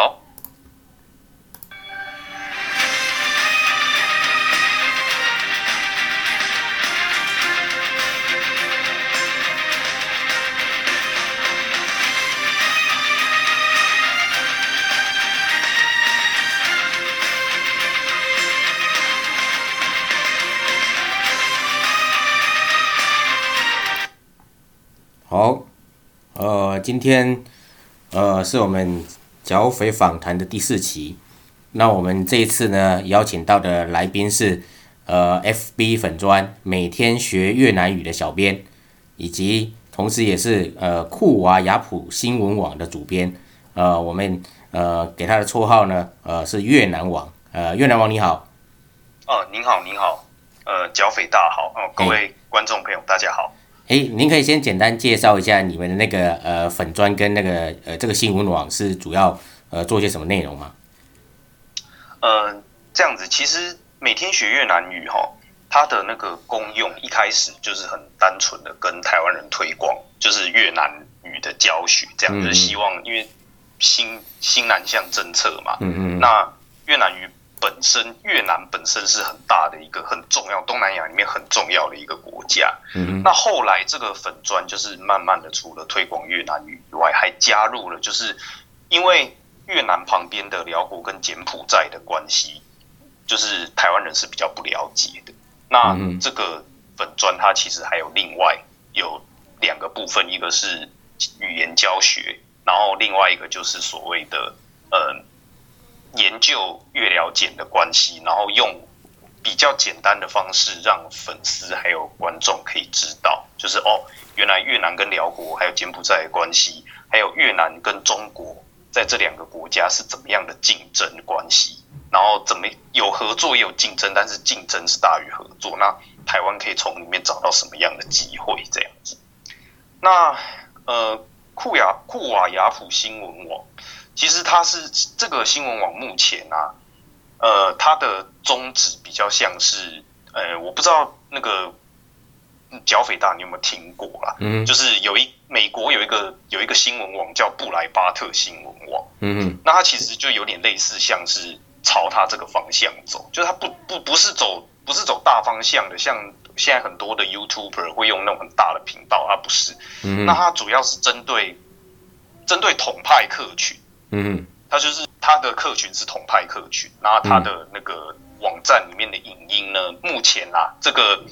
好。好，呃，今天，呃，是我們。剿匪訪談的第四期，那我們這一次呢，邀請到的來賓是，呃，FB 粉專每天學越南語的小編，以及同時也是呃酷娃雅普新聞網的主編，呃，我們呃給他的綽號呢，呃，是越南網，呃，越南網你好，哦，您好您好，呃，剿匪大好，哦，各位觀眾朋友大家好。哎哎，您可以先簡單介紹一下你們的那個呃粉專跟那個呃這個新聞網是主要呃做些什麼內容嗎？嗯、呃，這樣子其實每天學越南語哈、哦，它的那個功用一開始就是很單純的跟台灣人推廣，就是越南語的教學，這樣嗯嗯就是希望因為新新南向政策嘛，嗯嗯那越南語。本身越南本身是很大的一個，很重要，東南亞裡面很重要的一個國家。嗯，嗯，那後來這個粉專就是慢慢的除了推廣越南語以外，還加入了，就是因為越南旁邊的寮國跟柬埔寨的關係，就是台灣人是比較不了解的。那這個粉專它其實還有另外有兩個部分，一個是語言教學，然後另外一個就是所謂的嗯、呃。研究越了解的關係，然後用比較簡單的方式，讓粉絲還有觀眾可以知道，就是哦，原來越南跟寮國還有柬埔寨的關係，還有越南跟中國在這兩個國家是怎麼樣的競爭關係，然後怎麼有合作也有競爭，但是競爭是大於合作。那台灣可以從裡面找到什麼樣的機會？這樣子。那呃，庫雅庫瓦雅普新聞網。其實它是這個新聞網目前啊，呃，它的宗旨比較像是，呃，我不知道那個剿匪大你有沒有聽過啦，嗯哼，就是有一美國有一個有一個新聞網叫布萊巴特新聞網，嗯哼那它其實就有點類似，像是朝它這個方向走，就是它不不不是走不是走大方向的，像現在很多的 YouTuber 會用那種很大的頻道，而、啊、不是，嗯哼，那它主要是針對針對統派客群。嗯，他就是他的客群是同派客群，然後他的那個網站裡面的影音呢，嗯、目前啊，這個，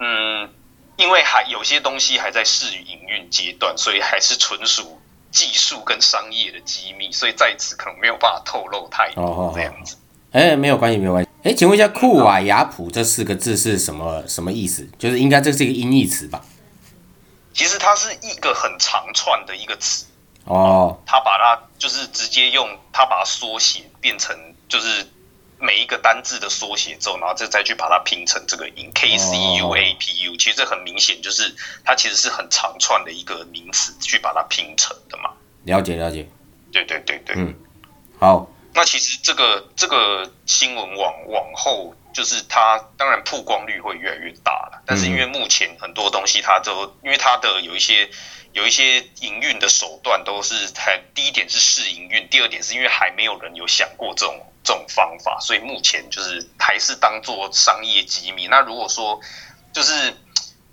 嗯，因為還有些東西還在試營運階段，所以還是純屬技術跟商業的機密，所以在此可能沒有辦法透露太多這樣子。哎、哦哦哦欸，沒有關係，沒有關係。哎、欸，請問一下，庫瓦雅普這四個字是什麼什麼意思？就是應該這是一個音譯詞吧？其實它是一個很長串的一個詞。哦，oh. 他把它就是直接用他把它縮寫變成就是每一個單字的縮寫之後，然後再去把它拼成這個音 K C U A P U，、oh. 其實這很明顯就是它其實是很長串的一個名詞去把它拼成的嘛。了解了解，了解對對對對，嗯，好，那其實這個這個新聞往往後就是它當然曝光率會越來越大了，但是因為目前很多東西它都、嗯、因為它的有一些。有一些營運的手段都是，第一點是試營運，第二點是因為還沒有人有想過這種這種方法，所以目前就是還是當做商業機密。那如果說就是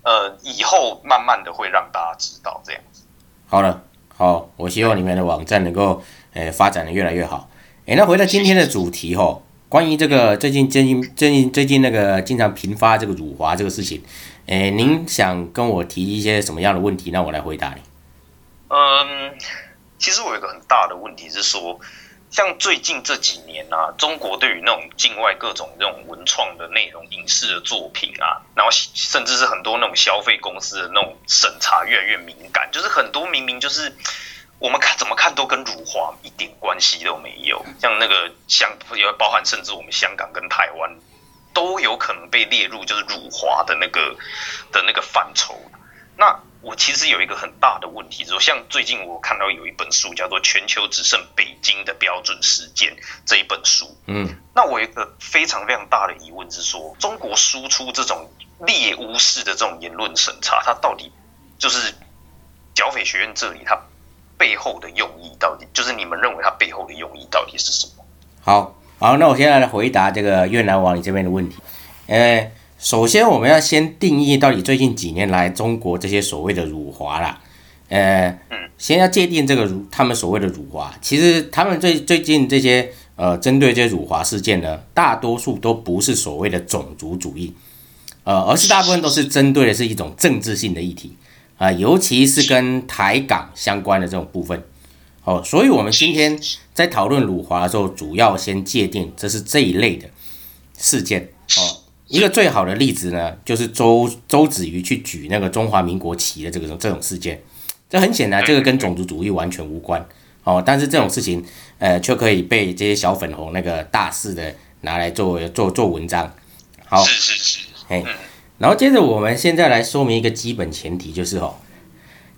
呃，以後慢慢的會讓大家知道這樣子。好了，好，我希望你們的網站能夠誒、呃、發展得越來越好。哎、欸，那回到今天的主題哈。關於這個最近最近最近最近那個經常頻發這個辱華這個事情，哎、欸，您想跟我提一些什麼樣的問題？那我來回答你。嗯，其實我有一個很大的問題是說，像最近這幾年啊，中國對於那種境外各種那種文創的內容、影視的作品啊，然後甚至是很多那種消費公司的那種審查越來越敏感，就是很多明明就是。我們看怎麼看都跟辱華一點關係都沒有，像那個像也包含甚至我們香港跟台灣都有可能被列入就是辱華的那個的那個範疇。那我其實有一個很大的問題，說像最近我看到有一本書叫做《全球只剩北京的標準時間》這一本書，嗯，那我有一個非常非常大的疑問，是說中國輸出這種獵巫式的這種言論審查，它到底就是剿匪學院這裡它。背後的用意到底就是你們認為它背後的用意到底是什麼？好，好，那我先來回答這個越南王你這邊的問題。呃，首先我們要先定義到底最近幾年來中國這些所謂的辱華啦，呃，嗯，先要界定這個他們所謂的辱華，其實他們最最近這些呃針對這些辱華事件呢，大多數都不是所謂的種族主義，呃，而是大部分都是針對的是一種政治性的議題。啊、呃，尤其是跟台港相關的這種部分，哦，所以我們今天在討論辱華的時候，主要先界定這是這一類的事件，哦，一個最好的例子呢，就是周周子瑜去舉那個中華民國旗的這個這種事件，這很顯然這個跟種族主義完全無關，哦，但是這種事情，呃，卻可以被這些小粉紅那個大肆的拿來做做做文章，好，是是是，哎。然後接着，我們現在來說明一個基本前提，就是哦，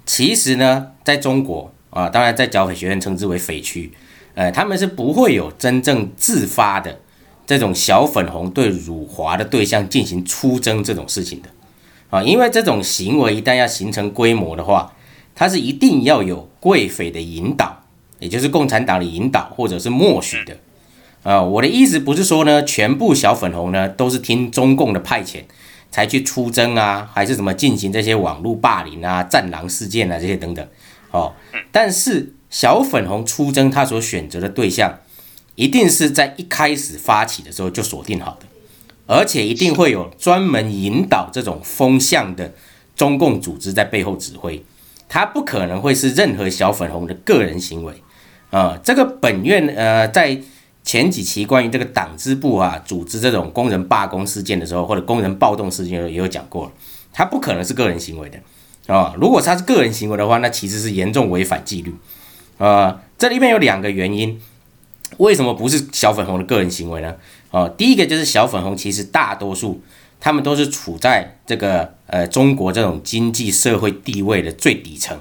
其實呢，在中國啊，當然在剿匪學院稱之為匪區，呃，他們是不會有真正自發的這種小粉紅對辱華的對象進行出征這種事情的啊，因為這種行為一旦要形成規模的話，它是一定要有貴匪的引導，也就是共產黨的引導或者是默許的啊。我的意思不是說呢，全部小粉紅呢都是聽中共的派遣。才去出征啊，還是怎麼進行這些網絡霸凌啊、戰狼事件啊這些等等？哦，但是小粉紅出征，他所選擇的對象一定是在一開始發起的時候就鎖定好的，而且一定會有專門引導這種風向的中共組織在背後指揮，他不可能會是任何小粉紅的個人行為啊。呃，這個本院呃在。前幾期關於這個黨支部啊，組織這種工人罷工事件的時候，或者工人暴動事件，有也有講過了。他不可能是個人行為的啊！如果他是個人行為的話，那其實是嚴重違反紀律啊！這裡面有兩個原因，為什麼不是小粉紅的個人行為呢？啊，第一個就是小粉紅其實大多數他們都是處在這個呃中國這種經濟社會地位的最底層，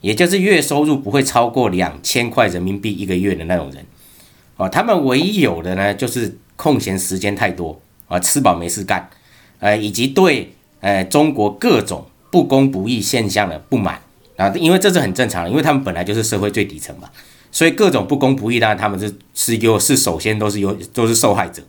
也就是月收入不會超過兩千塊人民幣一個月的那種人。啊，他們唯一有的呢，就是空閒時間太多啊，吃飽沒事幹，呃，以及對呃中國各種不公不義現象的不滿啊、呃，因為這是很正常的，因為他們本來就是社會最底層嘛，所以各種不公不義，當然他們是是優勢，首先都是優，都是受害者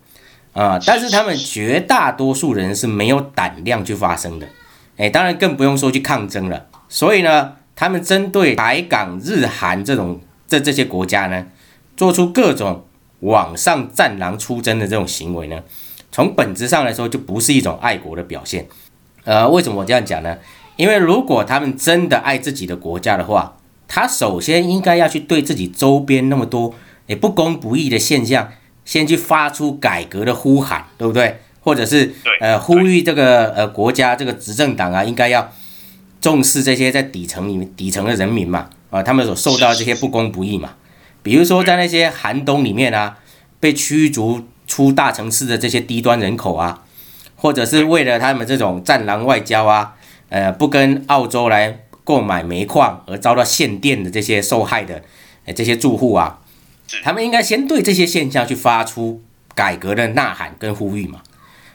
啊、呃，但是他們絕大多數人是沒有膽量去發聲的，誒、呃，當然更不用說去抗爭了，所以呢，他們針對台、港日韓這種這這些國家呢。做出各種網上“戰狼出征”的這種行為呢，從本質上來說就不是一種愛國的表現。呃，為什麼我這樣講呢？因為如果他們真的愛自己的國家的話，他首先應該要去對自己周邊那麼多也不公不義的現象，先去發出改革的呼喊，對不對？或者是呃呼籲這個呃國家這個執政黨啊，應該要重視這些在底層裡面底層的人民嘛，啊，他們所受到的這些不公不義嘛。比如說，在那些寒冬裡面啊，被驅逐出大城市的這些低端人口啊，或者是為了他們這種“戰狼外交”啊，呃，不跟澳洲來購買煤礦而遭到限電的這些受害的、呃，這些住戶啊，他們應該先對這些現象去發出改革的吶喊跟呼籲嘛？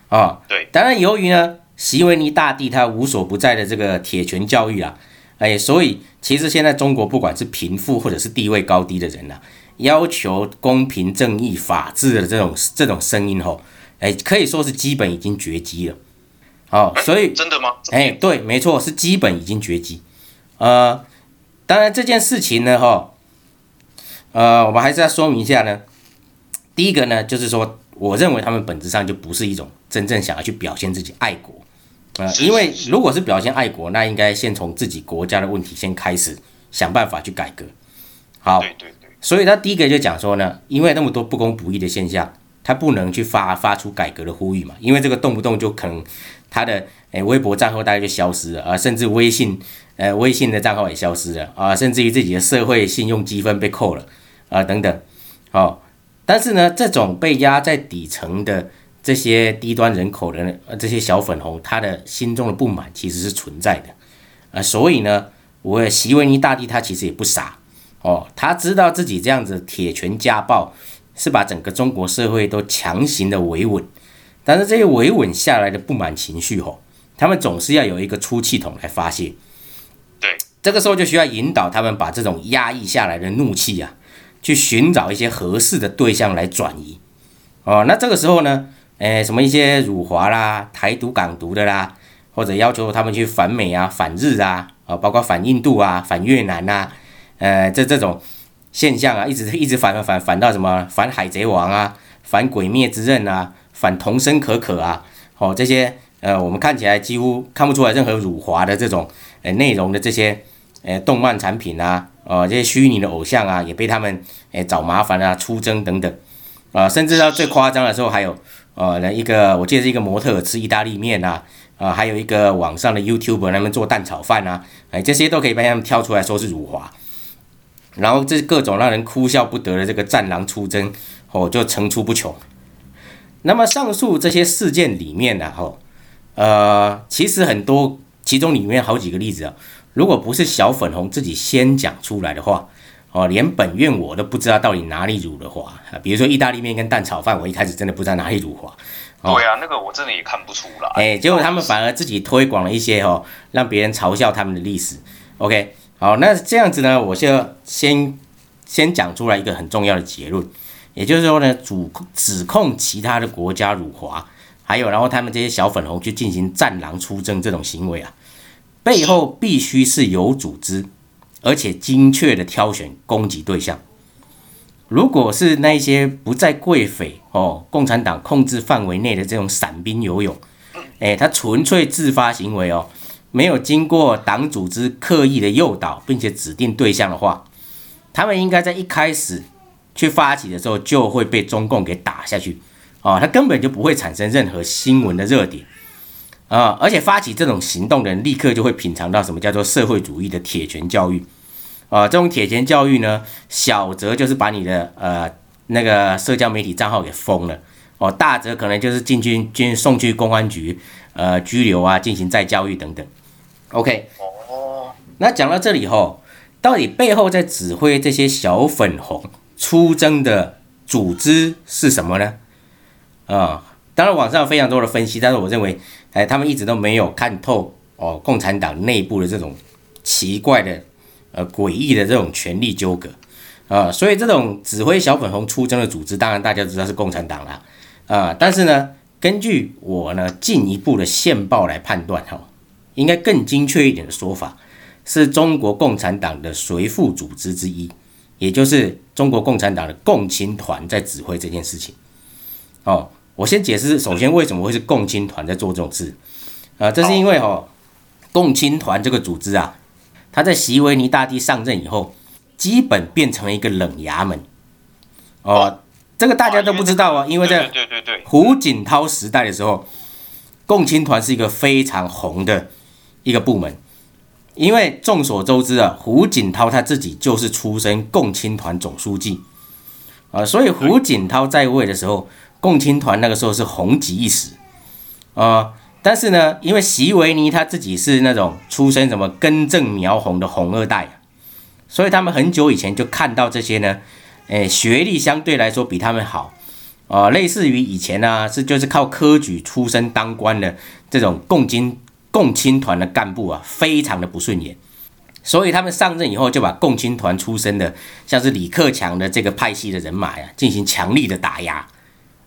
啊，對。當然，由於呢，席維尼大帝他無所不在的這個鐵拳教育啊。哎，所以其實現在中國不管是貧富或者是地位高低的人呐、啊，要求公平正義、法治的這種這種聲音吼，哎，可以說是基本已經絕跡了。好、哦，所以，欸，真的嗎？真的嗎？哎，對，沒錯，是基本已經絕跡。呃，當然這件事情呢，哈，呃，我們還是要說明一下呢。第一個呢，就是說，我認為他們本質上就不是一種真正想要去表現自己愛國。呃，因為如果是表現愛國，那應該先從自己國家的問題先開始想辦法去改革。好，對對對。所以他第一個就講說呢，因為那麼多不公不義的現象，他不能去發發出改革的呼籲嘛，因為這個動不動就可能他的誒微博賬號大概就消失了啊、呃，甚至微信呃微信的賬號也消失了啊、呃，甚至於自己的社會信用積分被扣了啊、呃、等等。好、哦，但是呢，這種被壓在底層的，這些低端人口的，這些小粉紅，他的心中的不滿其實是存在的，呃，所以呢，我習維尼大帝他其實也不傻，哦，他知道自己這樣子鐵拳家暴是把整個中國社會都強行的維穩，但是這些維穩下來的不滿情緒吼、哦，他們總是要有一個出氣筒來發洩，對，這個時候就需要引導他們把這種壓抑下來的怒氣呀、啊，去尋找一些合適的對象來轉移，哦，那這個時候呢？誒，什麼一些辱華啦、台獨、港獨的啦，或者要求他們去反美啊、反日啊，啊，包括反印度啊、反越南啊，呃，這這種現象啊，一直一直反反反到什麼反海賊王啊、反鬼滅之刃啊、反桐生可可啊，哦，這些呃，我們看起來幾乎看不出來任何辱華的這種呃內容的這些呃動漫產品啊，哦、呃，這些虛擬的偶像啊，也被他們誒、呃、找麻煩啊、出征等等，啊、呃，甚至到最誇張的時候還有。呃、哦，那一個，我記得是一個模特吃意大利麵吶、啊，啊、呃，還有一個網上的 YouTuber 他們做蛋炒飯吶，哎，這些都可以被他們跳出來說是辱華，然後這各種讓人哭笑不得的這個戰狼出征，哦，就層出不窮。那麼上述這些事件裡面啊，吼，呃，其實很多，其中裡面好幾個例子、啊，如果不是小粉紅自己先講出來的話。哦，連本院我都不知道到底哪裡辱了華啊！比如說意大利麵跟蛋炒飯，我一開始真的不知道哪裡辱華。對啊，哦、那個我真的也看不出來。欸、是結果他們反而自己推廣了一些讓別人嘲笑他們的歷史。OK，好，那這樣子呢，我就先先講出來一個很重要的結論，也就是說呢，主控指控其他的國家辱華，還有然後他們這些小粉紅去進行戰狼出征這種行為啊，背後必須是有組織。而且精確的挑選攻擊對象，如果是那些不在貴匪哦、共產黨控制範圍內的這種散兵游勇，哎、欸，他純粹自發行為哦，沒有經過黨組織刻意的誘導並且指定對象的話，他們應該在一開始去發起的時候就會被中共給打下去，哦，他根本就不會產生任何新聞的熱點啊、哦，而且發起這種行動的人立刻就會品嚐到什麼叫做社會主義的鐵拳教育。啊、哦，這種鐵拳教育呢，小則就是把你的呃那個社交媒體賬號給封了哦，大則可能就是進軍進軍送去公安局呃拘留啊，進行再教育等等。OK，那講到這裡以、哦、後，到底背後在指揮這些小粉紅出征的組織是什麼呢？啊、哦，當然網上有非常多的分析，但是我認為哎，他們一直都沒有看透哦，共產黨內部的這種奇怪的。呃，詭異的這種權力糾葛，啊、呃，所以這種指揮小粉紅出征的組織，當然大家知道是共產黨啦，啊、呃，但是呢，根據我呢進一步的線報來判斷，哈、哦，應該更精確一點的說法，是中國共產黨的隨附組織之一，也就是中國共產黨的共青團在指揮這件事情。哦，我先解釋，首先為什麼會是共青團在做這種事，啊、呃，這是因為哈、哦，共青團這個組織啊。他在習維尼大帝上任以後，基本變成了一個冷衙門。呃、哦，這個大家都不知道啊，因為，這個、因為在胡錦濤時代的時候，對對對對對，共青團是一個非常紅的一個部門，因為眾所周知啊，胡錦濤他自己就是出身共青團總書記啊、呃，所以胡錦濤在位的時候，共青團那個時候是紅極一時啊。呃但是呢，因為習維尼他自己是那種出身什麼根正苗紅的紅二代、啊，所以他們很久以前就看到這些呢，誒，學歷相對來說比他們好，啊、哦，類似於以前呢、啊、是就是靠科舉出身當官的這種共青共青團的幹部啊，非常的不順眼，所以他們上任以後就把共青團出身的，像是李克強的這個派系的人馬呀、啊，進行強力的打壓，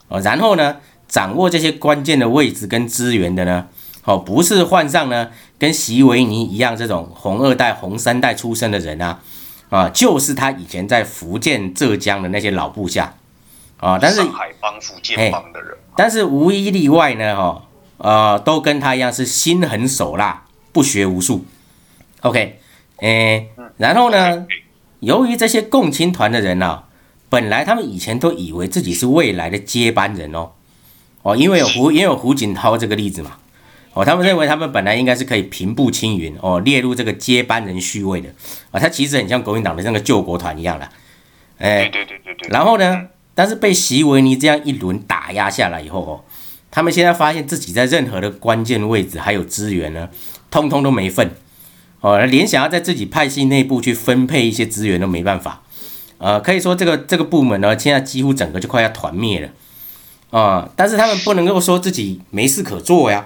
呃、哦，然後呢。掌握這些關鍵的位置跟資源的呢，哦，不是換上呢跟習維尼一樣這種紅二代、紅三代出身的人啊，啊，就是他以前在福建、浙江的那些老部下啊。但是上海幫福建幫的人，但是無一例外呢，哈，啊，都跟他一樣是心狠手辣、不學無術。OK，嗯、欸，然後呢，由於這些共青團的人啊，本來他們以前都以為自己是未來的接班人哦。哦，因為有胡，因為有胡錦濤這個例子嘛，哦，他們認為他們本來應該是可以平步青雲，哦，列入這個接班人序位的，啊，哦，他其實很像國民黨的那個救國團一樣的，哎，對對對對，然後呢，但是被習維尼這樣一輪打壓下來以後，哦，他們現在發現自己在任何的關鍵位置還有資源呢，通通都沒份，哦，連想要在自己派系內部去分配一些資源都沒辦法，呃，可以說這個這個部門呢，現在幾乎整個就快要團滅了。啊、嗯！但是他們不能夠說自己沒事可做呀。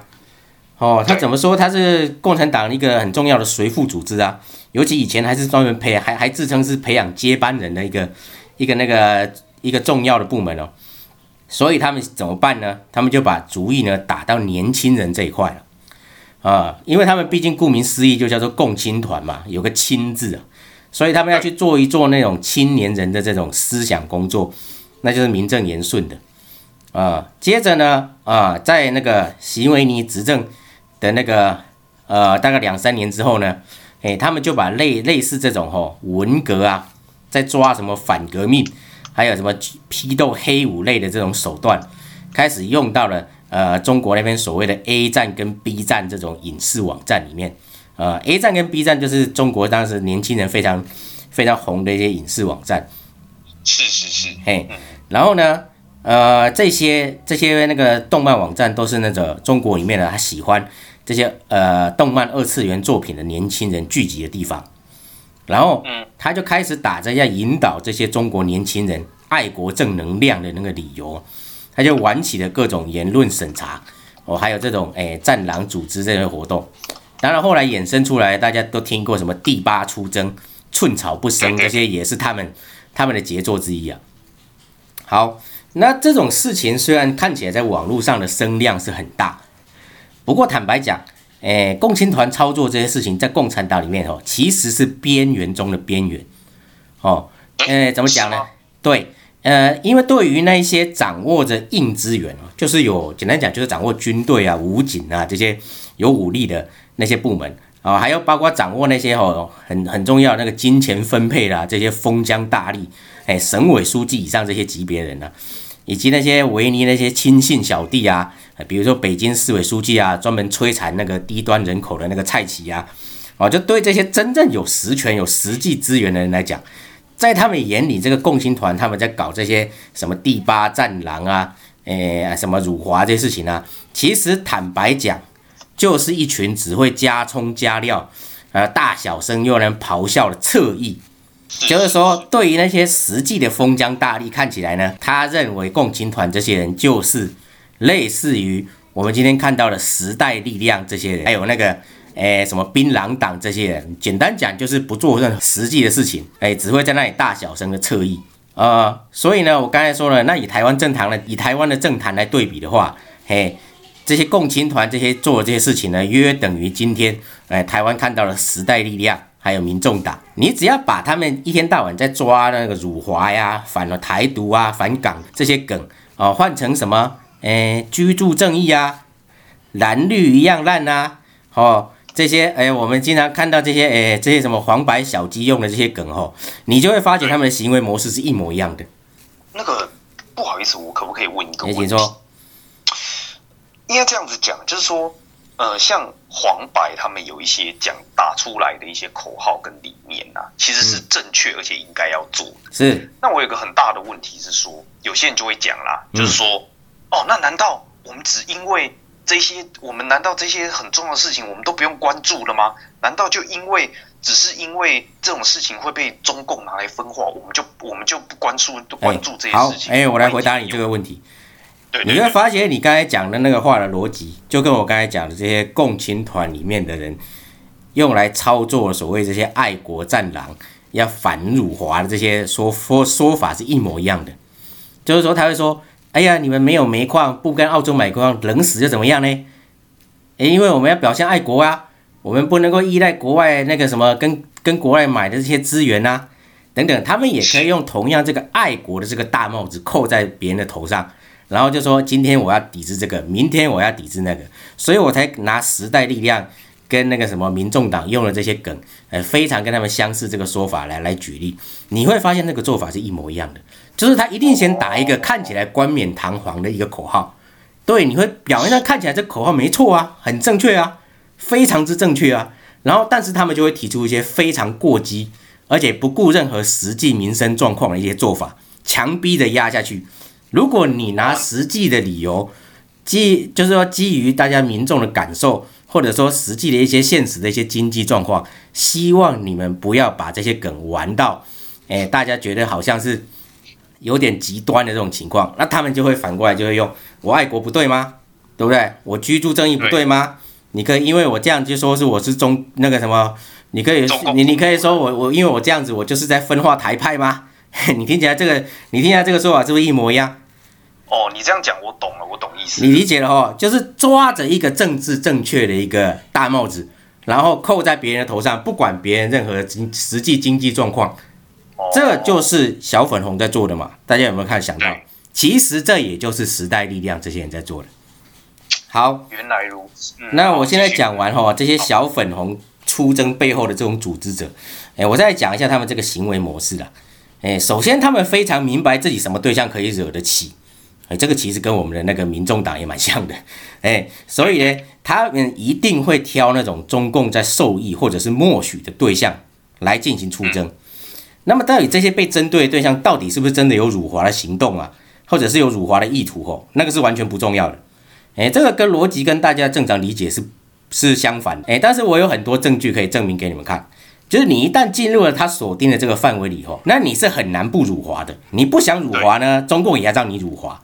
哦，他怎麼說？他是共產黨一個很重要的隨附組織啊，尤其以前還是專門培，還還自稱是培養接班人的一個一個那個一個重要的部門哦。所以他們怎麼辦呢？他們就把主意呢打到年輕人這一塊了。啊，因為他們畢竟顧名思義就叫做共青團嘛，有個“青”字啊，所以他們要去做一做那種青年人的這種思想工作，那就是名正言順的。啊、呃，接着呢，啊、呃，在那個習維尼執政的那個呃大概兩三年之後呢，哎，他們就把類類似這種哈、哦、文革啊，在抓什麼反革命，還有什麼批鬥黑五類的這種手段，開始用到了呃中國那邊所謂的 A 站跟 B 站這種影視網站裡面，呃，A 站跟 B 站就是中國當時年輕人非常非常紅的一些影視網站，是是是，嘿，然後呢？呃，這些這些那個動漫網站都是那個中國裡面的，他喜歡這些呃動漫二次元作品的年輕人聚集的地方，然後他就開始打着要引導這些中國年輕人愛國正能量的那個理由，他就玩起了各種言論審查哦，還有這種誒、欸、戰狼組織這些活動，當然後來衍生出來大家都聽過什麼第八出征、寸草不生這些也是他們他們的傑作之一啊，好。那這種事情雖然看起來在網絡上的聲量是很大，不過坦白講、欸，共青團操作這些事情在共產黨裡面哦，其實是邊緣中的邊緣，哦、喔，呃、欸，怎麼講呢？對，呃，因為對於那些掌握着硬資源，就是有簡單講就是掌握軍隊啊、武警啊這些有武力的那些部門啊、喔，還有包括掌握那些哦、喔、很很重要的那個金錢分配的、啊、這些封疆大吏、欸，省委書記以上這些級別人呢、啊。以及那些維尼那些親信小弟啊，比如說北京市委書記啊，專門摧殘那個低端人口的那個蔡奇啊，就對這些真正有實權、有實際資源的人來講，在他們眼裡，這個共青團他們在搞這些什麼第八戰狼啊，誒，什麼辱華這些事情呢，啊？其實坦白講，就是一群只會加蔥加料，呃，大小聲又能咆哮的側翼。就是說，對於那些實際的封疆大吏，看起來呢，他認為共青團這些人就是類似於我們今天看到的時代力量這些人，還有那個，哎，什麽檳榔黨這些人。簡單講就是不做任何實際的事情，哎，只會在那裡大小聲的策議。啊、呃，所以呢，我剛才說了，那以台灣政壇呢，以台灣的政壇來對比的話，嘿，這些共青團這些做的這些事情呢，約等於今天，哎，台灣看到了時代力量。還有民眾黨，你只要把他們一天到晚在抓那個辱華呀、啊、反了台獨啊、反港這些梗哦，換成什麼誒、欸，居住正義啊、藍綠一樣爛吶、啊，哦，這些誒、欸，我們經常看到這些誒、欸，這些什麼黃白小雞用的這些梗哦，你就會發覺他們的行為模式是一模一樣的。那個不好意思，我可不可以問一個問題？欸、你說應該這樣子講，就是說。呃，像黃白他們有一些講打出來的一些口號跟理念吶，其實是正確而且應該要做、嗯、是。那我有個很大的問題是說，有些人就會講啦，嗯、就是說，哦，那難道我們只因為這些，我們難道這些很重要的事情，我們都不用關注了嗎？難道就因為只是因為這種事情會被中共拿來分化，我們就我們就不關注就關注這些事情？哎、欸欸，我來回答你這個問題。你會發現，你剛才講的那個話的邏輯，就跟我剛才講的這些共青團裡面的人用來操作所謂這些愛國戰狼要反辱華的這些說說說法是一模一樣的。就是說，他會說：“哎呀，你們沒有煤礦，不跟澳洲買礦，冷死又怎麼樣呢？”哎，因為我們要表現愛國啊，我們不能夠依賴國外那個什麼跟，跟跟國外買的這些資源啊，等等，他們也可以用同樣這個愛國的這個大帽子扣在別人的頭上。然後就說今天我要抵制這個，明天我要抵制那個，所以我才拿時代力量跟那個什麼民眾黨用了這些梗，呃，非常跟他們相似這個說法來來舉例，你會發現那個做法是一模一樣的，就是他一定先打一個看起來冠冕堂皇的一個口號，對，你會表面上看起來這口號沒錯啊，很正確啊，非常之正確啊，然後但是他們就會提出一些非常過激，而且不顧任何實際民生狀況的一些做法，強逼着壓下去。如果你拿實際的理由，基就是說基於大家民眾的感受，或者說實際的一些現實的一些經濟狀況，希望你們不要把這些梗玩到，哎、欸，大家覺得好像是有點極端的這種情況，那他們就會反過來就會用我愛國不對嗎？對不對？我居住正義不對嗎？你可以因為我這樣就說是我是中那個什麼，你可以公你你可以說我我因為我這樣子我就是在分化台派嗎？ 你聽起來這個你聽起來這個說法是不是一模一樣？哦，你這樣講我懂了，我懂意思。你理解了哈，就是抓着一個政治正確的一個大帽子，然後扣在別人的頭上，不管別人任何的經實際經濟狀況，哦、這就是小粉紅在做的嘛？大家有沒有看想到？嗯、其實這也就是時代力量這些人在做的。好，原來如此。那我現在講完哈，這些小粉紅出征背後的這種組織者，哎、欸，我再講一下他們這個行為模式的。哎、欸，首先他們非常明白自己什麼對象可以惹得起。欸、這個其實跟我們的那個民眾黨也蠻像的，欸，所以呢，他們一定會挑那種中共在受益或者是默許的對象來進行出征。那麼到底這些被針對的對象到底是不是真的有辱華的行動啊，或者是有辱華的意圖吼，哦？那個是完全不重要的。欸、這個跟邏輯跟大家正常理解是是相反的，欸。但是我有很多證據可以證明給你們看，就是你一旦進入了他鎖定的這個範圍裡吼，那你是很難不辱華的。你不想辱華呢，中共也要讓你辱華。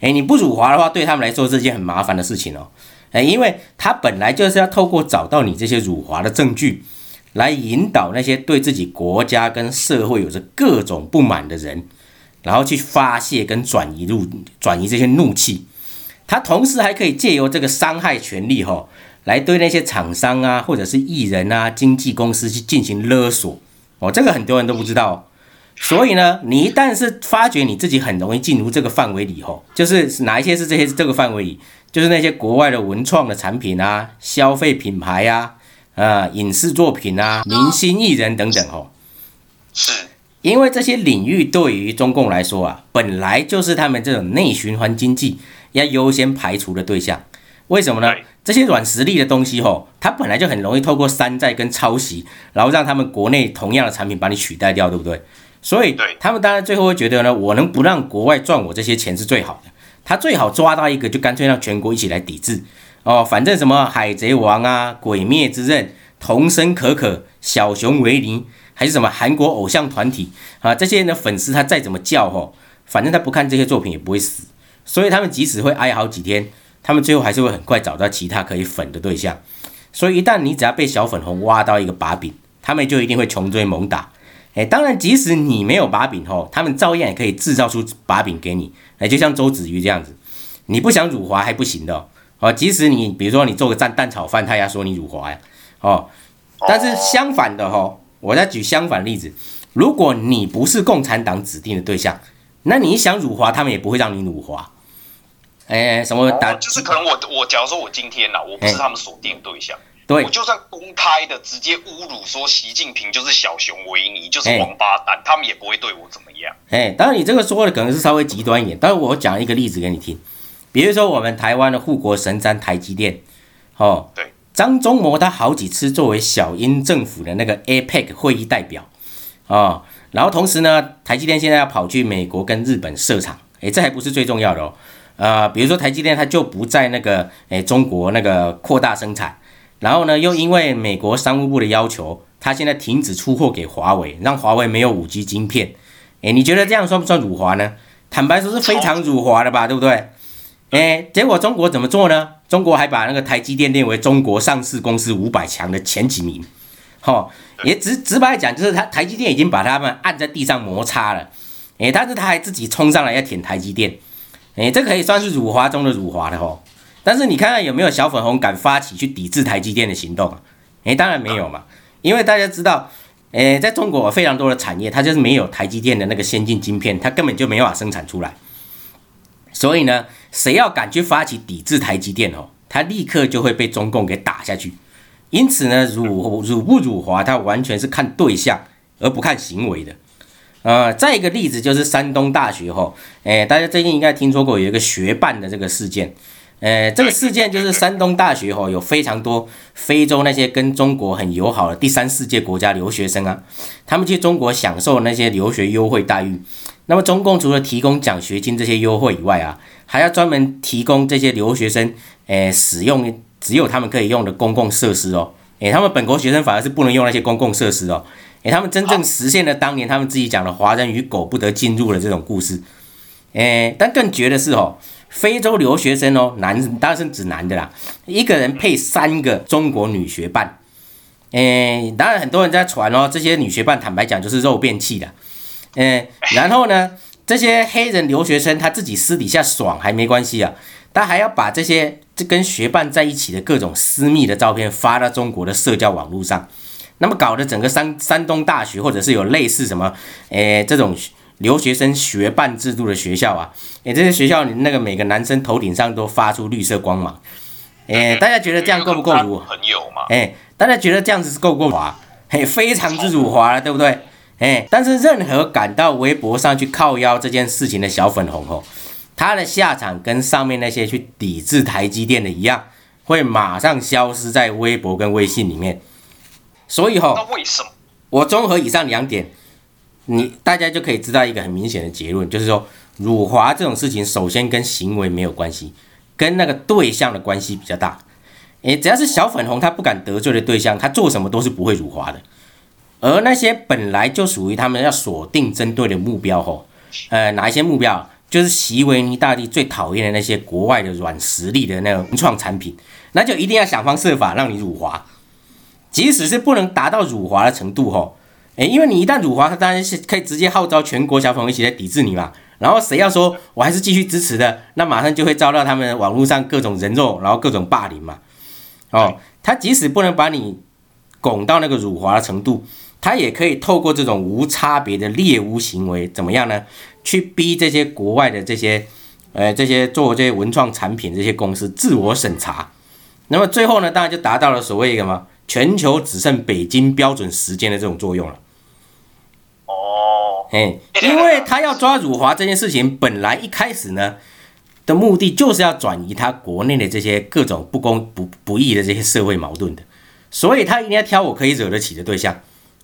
哎、欸，你不辱華的話，對他們來說是件很麻煩的事情哦、喔。哎、欸，因為他本來就是要透過找到你這些辱華的證據，來引導那些對自己國家跟社會有着各種不滿的人，然後去發洩跟轉移入轉移這些怒氣。他同時還可以借由這個傷害權利哈、喔，來對那些廠商啊，或者是藝人啊、經紀公司去進行勒索哦、喔。這個很多人都不知道、喔。所以呢，你一旦是發覺你自己很容易進入這個範圍裡吼，就是哪一些是這些這個範圍裡，就是那些國外的文創的產品啊、消費品牌啊、呃、影視作品啊、明星藝人等等吼，是，因為這些領域對於中共來說啊，本來就是他們這種內循環經濟要優先排除的對象。為什麼呢？這些軟實力的東西吼，它本來就很容易透過山寨跟抄襲，然後讓他們國內同樣的產品把你取代掉，對不對？所以對他們當然最後會覺得呢，我能不讓國外賺我這些錢是最好的。他最好抓到一個，就乾脆讓全國一起來抵制哦。反正什麼海賊王啊、鬼滅之刃、桐生可可、小熊維尼，還是什麼韓國偶像團體啊，這些人的粉絲他再怎麼叫吼，反正他不看這些作品也不會死。所以他們即使會哀嚎幾天，他們最後還是會很快找到其他可以粉的對象。所以一旦你只要被小粉紅挖到一個把柄，他們就一定會窮追猛打。誒、欸，當然，即使你沒有把柄哦，他們照樣也可以制造出把柄給你。誒，就像周子瑜這樣子，你不想辱華還不行的哦。即使你，比如說你做個蛋蛋炒飯，他也要說你辱華呀。哦，但是相反的哈，我再舉相反的例子，如果你不是共產黨指定的對象，那你想辱華，他們也不會讓你辱華。誒、欸，什麼？打？就是可能我我假如說我今天呢，我不是他們鎖定的對象。欸對我就算公開的直接侮辱說習近平就是小熊維尼，就是王八蛋，他們也不會對我怎麼樣。哎，當然你這個說的可能是稍微極端一點，但是我講一個例子給你聽，比如說我們台灣的護國神山台積電，哦，對，張忠謀他好幾次作為小英政府的那個 APEC 會議代表哦，然後同時呢，台積電現在要跑去美國跟日本設廠，誒、哎，這還不是最重要的哦，呃，比如說台積電它就不在那個誒、哎、中國那個擴大生產。然後呢，又因為美國商務部的要求，他現在停止出貨給華為，讓華為沒有五 G 晶片。誒，你覺得這樣算不算辱華呢？坦白說是非常辱華的吧，對不對？誒，結果中國怎麼做呢？中國還把那個台積電列為中國上市公司五百強的前幾名。哈，哦，也直直白講，就是他台積電已經把他們按在地上摩擦了。誒，但是他還自己衝上來要舔台積電。誒，這可以算是辱華中的辱華的哦。但是你看看有沒有小粉紅敢發起去抵制台積電的行動啊？誒、欸，當然沒有嘛，因為大家知道，誒、欸，在中國有非常多的產業，它就是沒有台積電的那個先進晶片，它根本就沒法生產出來。所以呢，誰要敢去發起抵制台積電哦，它立刻就會被中共給打下去。因此呢，辱辱不辱華，它完全是看對象而不看行為的。呃，再一個例子就是山東大學哈，誒、欸，大家最近應該聽說過有一個學伴的這個事件。哎、呃，這個事件就是山東大學、哦、有非常多非洲那些跟中國很友好的第三世界國家留學生啊，他們去中國享受那些留學優惠待遇。那麼中共除了提供獎學金這些優惠以外啊，還要專門提供這些留學生，呃、使用只有他們可以用的公共設施哦、呃。他們本國學生反而是不能用那些公共設施哦。呃、他們真正實現了當年他們自己講的“華人與狗不得進入”的這種故事。哎、呃，但更絕的是哦。非洲留學生哦，男，當然是指男的啦，一個人配三個中國女學伴，誒，當然很多人在傳哦，這些女學伴坦白講就是肉便器的，誒，然後呢，這些黑人留學生他自己私底下爽還沒關係啊，他還要把這些這跟學伴在一起的各種私密的照片發到中國的社交網絡上，那麼搞得整個山山東大學或者是有類似什麼，誒這種。留學生學伴制度的學校啊，誒、欸，這些學校那個每個男生頭頂上都發出綠色光芒，誒、欸，大家覺得這樣夠不夠辱？很有嘛？大家覺得這樣子是夠不夠華、欸、非常之辱華了，對不對？誒、欸，但是任何敢到微博上去靠腰這件事情的小粉紅哦，他的下場跟上面那些去抵制台積電的一樣，會馬上消失在微博跟微信裡面。所以哈，我綜合以上兩點。你大家就可以知道一個很明顯的結論，就是說辱華這種事情，首先跟行為沒有關係，跟那個對象的關係比較大。誒、欸，只要是小粉紅他不敢得罪的對象，他做什麼都是不會辱華的。而那些本來就屬於他們要鎖定針對的目標，吼，呃，哪一些目標？就是習維尼大帝最討厭的那些國外的軟實力的那種原創產品，那就一定要想方設法讓你辱華，即使是不能達到辱華的程度，吼。哎，因為你一旦辱華，他當然是可以直接號召全國小朋友一起來抵制你嘛。然後誰要說我還是繼續支持的，那馬上就會遭到他們網絡上各種人肉，然後各種霸凌嘛。哦，他即使不能把你拱到那個辱華的程度，他也可以透過這種無差別的獵巫行為，怎麼樣呢？去逼這些國外的這些，呃，這些做這些文創產品這些公司自我審查。那麼最後呢，當然就達到了所謂什麼全球只剩北京標準時間的這種作用了。哎、欸，因為他要抓辱華這件事情，本來一開始呢的目的就是要轉移他國內的這些各種不公不不義的這些社會矛盾的，所以他一定要挑我可以惹得起的對象。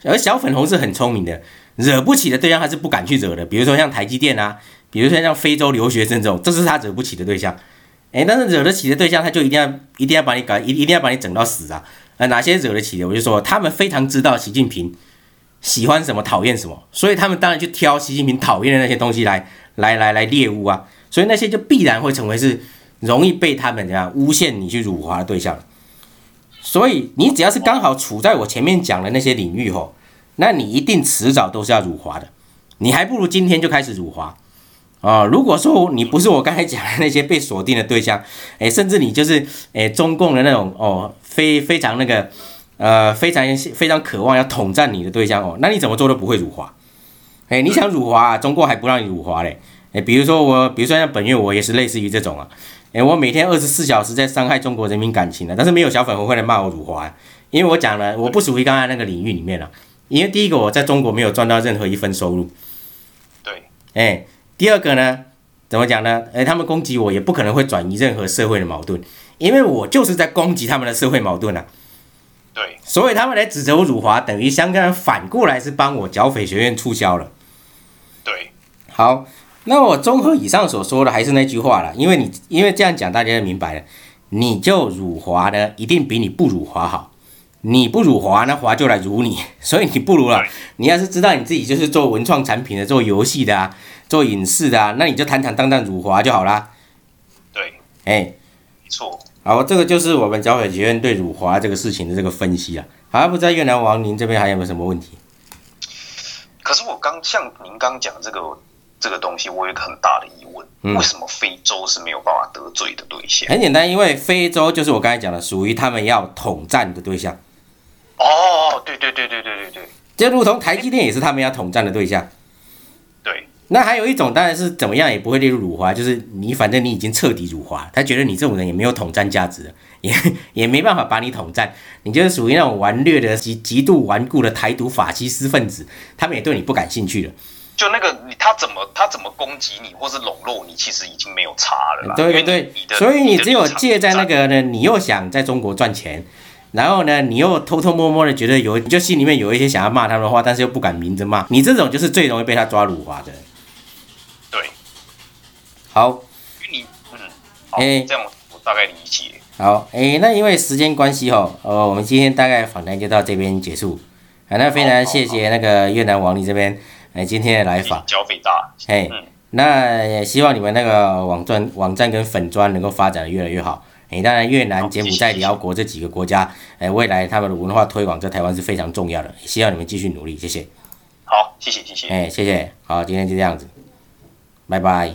而小粉紅是很聰明的，惹不起的對象他是不敢去惹的，比如說像台積電啊，比如說像非洲留學生這種，這是他惹不起的對象。欸、但是惹得起的對象，他就一定要一定要把你搞一一定要把你整到死啊！啊，哪些惹得起的，我就說他們非常知道習近平。喜歡什麼，討厭什麼，所以他們當然就挑習近平討厭的那些東西來來來來來獵物啊，所以那些就必然會成為是容易被他們這樣誣陷你去辱華的對象。所以你只要是剛好處在我前面講的那些領域吼，那你一定遲早都是要辱華的。你還不如今天就開始辱華啊！哦，如果說你不是我剛才講的那些被鎖定的對象，誒，甚至你就是誒，中共的那種哦，非非常那個。呃，非常非常渴望要統戰你的對象哦，那你怎麼做都不會辱華，哎，你想辱華啊，中國還不讓你辱華嘞，哎，比如說我，比如說像本月我也是類似於這種啊，哎，我每天二十四小時在傷害中國人民感情了，但是沒有小粉紅會來罵我辱華啊，因為我講了，我不屬於剛才那個領域裡面了，因為第一個我在中國沒有賺到任何一分收入，對，哎，第二個呢，怎麼講呢？哎，他們攻擊我也不可能會轉移任何社會的矛盾，因為我就是在攻擊他們的社會矛盾啊。對，所以他們來指責我辱華，等於香港人反過來是幫我剿匪學院促銷了。對，好，那我綜合以上所說的，還是那句話了，因為你，因為這樣講大家就明白了，你就辱華的一定比你不辱華好，你不辱華，那華就來辱你，所以你不如了。對你要是知道你自己就是做文創產品的，做遊戲的啊，做影視的啊，那你就坦坦蕩蕩辱華就好啦。對，誒沒錯。好，這個就是我們剿匪學，學院對辱華這個事情的這個分析啊。好，像不知道越南王，您這邊還有沒有什麼問題？可是我剛像您剛講這個這個東西，我有一個很大的疑問：嗯、為什麼非洲是沒有辦法得罪的對象？很簡單，因為非洲就是我剛才講的，屬於他們要統戰的對象。哦，對對對對對對對，就如同台積電也是他們要統戰的對象。那還有一種當然是怎麼樣也不會列入辱華，就是你反正你已經徹底辱華，他覺得你這種人也沒有統戰價值，也也沒辦法把你統戰，你就是屬於那種頑劣的極極度頑固的台獨法西斯分子，他們也對你不感興趣了。就那個他怎麼他怎麼攻擊你或是籠絡你，你其實已經沒有差了對。對對對，所以你只有借在那個呢，你，的你又想在中國賺錢，嗯，然後呢，你又偷偷摸摸的覺得有，就心裡面有一些想要罵他們的話，但是又不敢明着罵你這種就是最容易被他抓辱華的。好，你嗯，誒，欸、這樣我大概理解。好，誒、欸，那因為時間關係哈，呃、哦，嗯、我們今天大概訪談就到這邊結束。啊，那非常謝謝那個越南王力這邊誒、欸，今天的來訪。交費大。誒、欸，嗯、那也希望你們那個網賺網站跟粉專能夠發展的越來越好。誒、欸，當然越南、柬埔寨、寮國這幾個國家誒、欸，未來他們的文化推廣在台灣是非常重要的，希望你們繼續努力，謝謝。好，謝謝，謝謝、欸。謝謝。好，今天就這樣子，拜拜。